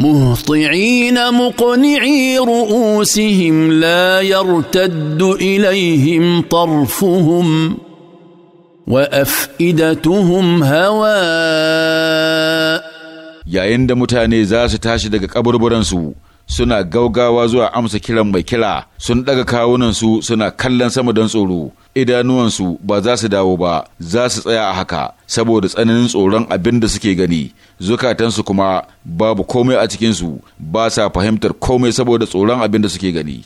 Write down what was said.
مهطعين مقنعي رؤوسهم لا يرتد اليهم طرفهم وافئدتهم هواء يا da mutane za su tashi daga suna gaugawa zuwa amsa kiran mai kira sun ɗaga kawunansu suna kallon sama don tsoro idanuwansu ba za su dawo ba za su tsaya a haka saboda tsananin tsoron abin da suke gani zukatansu kuma babu komai a cikinsu ba sa fahimtar komai saboda tsoron abin da suke gani